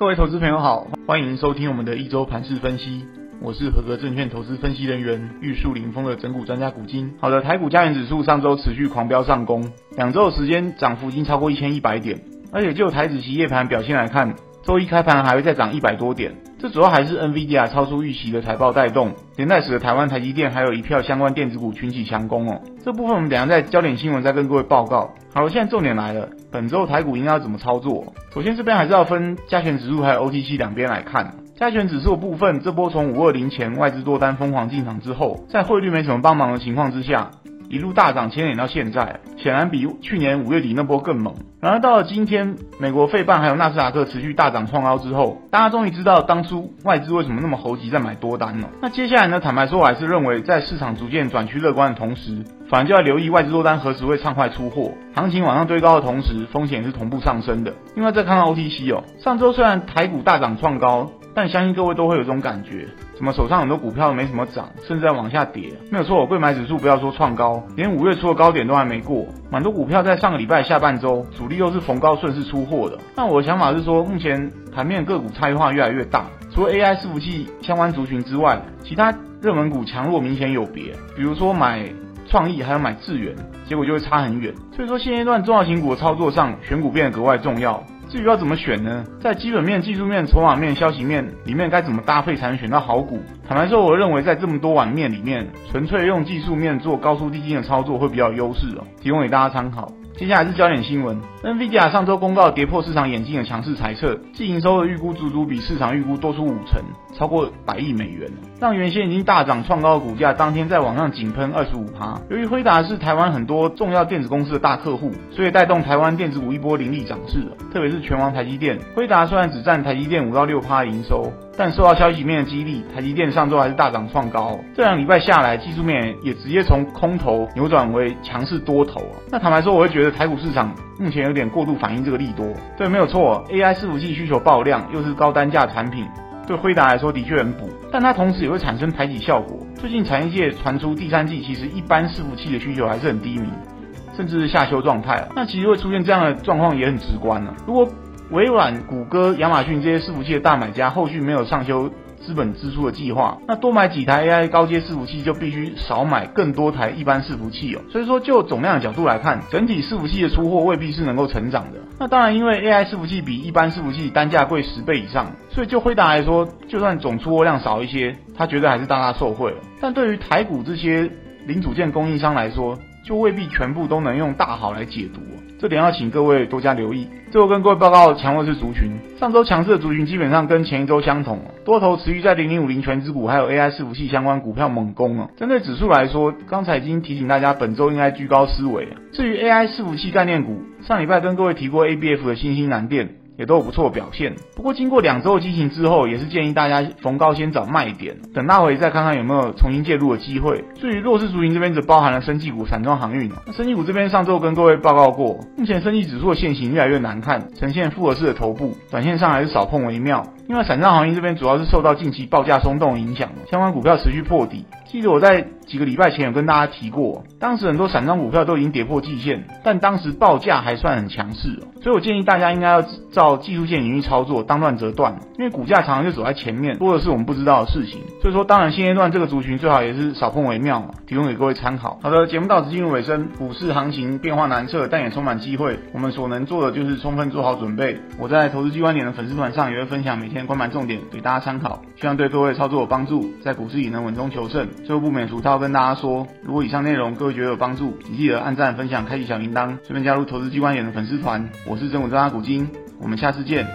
各位投資朋友好，歡迎收聽我們的一周盤勢分析。我是合格證券投資分析人員玉樹臨風的拯股專家股晶。好的，台股加權指數上周持續狂飆上攻，兩周的時間漲幅已經超過一千一百點，而且就台指期夜盤表現來看，周一開盤還會再漲一百多點。這主要還是 NVIDIA 超出預期的財報帶動，連帶使得台灣台積電還有一票相關電子股群起強攻哦。這部分我們等下在焦點新聞再跟各位報告。好了，現在重點來了，本周台股應該要怎麼操作？首先這邊還是要分加權指數還有 OTC 兩邊來看，加權指數的部分，這波從五二零前外資多單瘋狂進場之後，在匯率沒什麼幫忙的情況之下，一路大漲，牽引到現在，顯然比去年五月底那波更猛。然而到了今天，美國費半還有納斯達克持續大漲創高之後，大家終於知道當初外資為什麼那麼猴急在買多單了哦。那接下來呢？坦白說，我還是認為在市場逐漸轉趨樂觀的同時，反而就要留意外資多單何時會暢快出貨。行情往上堆高的同時，風險也是同步上升的。另外再看看 OTC 哦，上周雖然台股大漲創高，但相信各位都會有這種感覺。怎麼手上很多股票沒什麼漲，甚至在往下跌？沒有錯，櫃買指數不要說創高，連五月初的高點都還沒過。滿多股票在上個禮拜下半周，主力又是逢高順勢出貨的。那我的想法是說，目前盤面的個股差異化越來越大，除了 AI 伺服器相關族群之外，其他熱門股強弱明顯有別。比如說買創意，還有買智原，結果就會差很遠。所以說現階段中小型股的操作上，選股變得格外重要。至於要怎麼選呢？在基本面、技術面、籌碼面、消息面裡面該怎麼搭配才能選到好股？坦白說，我認為在這麼多碗麵裡面，純粹用技術面做高出低進的操作會比較有優勢哦，提供給大家參考。接下來是焦點新聞，NVIDIA 上周公告跌破市場眼鏡的強勢財測，淨營收的預估足足比市場預估多出五成，超過百億美元，讓原先已經大漲創高的股價當天在網上井噴二十五趴。由於輝達是台灣很多重要電子公司的大客戶，所以帶動台灣電子股一波凌厲漲勢，特別是權王台積電，輝達雖然只占台積電五到六趴的營收。但受到消息面的激勵，台積電上周還是大漲創高、哦。這兩禮拜下來，技術面也直接從空頭扭轉為強勢多頭、啊。那坦白說，我會覺得台股市場目前有點過度反應這個利多。對，沒有錯。AI 伺服器需求爆量，又是高單價產品，對輝達來說的確很補。但它同時也會產生排擠效果。最近產業界傳出第三季其實一般伺服器的需求還是很低迷，甚至是下修狀態、啊。那其實會出現這樣的狀況也很直觀呢、啊。如果微軟、谷歌、亞馬遜這些伺服器的大買家，後續沒有上修資本支出的計劃，那多買幾台 AI 高階伺服器就必須少買更多台一般伺服器哦。所以說，就總量的角度來看，整體伺服器的出貨未必是能夠成長的。那當然，因為 AI 伺服器比一般伺服器單價貴十倍以上，所以就輝達來說，就算總出貨量少一些，他絕對還是大大受惠了。但對於台股這些零組件供應商來說，就未必全部都能用大好來解讀。這點要請各位多加留意。最後跟各位報告強弱勢族群，上周強勢的族群基本上跟前一周相同，多頭持續在零零五零權值股還有 AI 伺服器相關股票猛攻啊。針對指數來說，剛才已經提醒大家，本周應該居高思危。至於 AI 伺服器概念股，上禮拜跟各位提過 ABF 的欣興、南電。也都有不錯的表現，不過經過兩周的進行之後，也是建議大家逢高先找賣點，等拉回再看看有沒有重新介入的機會。至於弱勢族群這邊，只包含了生技股散裝運、散裝航運。那生技股這邊上周跟各位報告過，目前生技指數的線形越來越難看，呈現複合式的頭部，短線上還是少碰為妙。因為散裝行情這邊主要是受到近期報價鬆動的影響，相關股票持續破底。記得我在幾個禮拜前有跟大家提過，當時很多散裝股票都已經跌破季線，但當時報價還算很強勢哦。所以我建議大家應該要照技術線領域操作，當斷則斷。因為股價常常就走在前面，多的是我們不知道的事情。所以說，當然現階段這個族群最好也是少碰為妙，提供給各位參考。好的，節目到此進入尾聲。股市行情變化難測，但也充滿機會。我們所能做的就是充分做好準備。我在投資 G 觀點的粉絲團上也會分享每天。觀盤重點給大家參考，希望對各位操作有幫助，在股市也能穩中求勝。最後不免俗套，跟大家說，如果以上內容各位覺得有幫助，請記得按讚、分享、開啟小鈴鐺，順便加入投資 G 觀點的粉絲團。我是拯股專家股晶，我們下次見。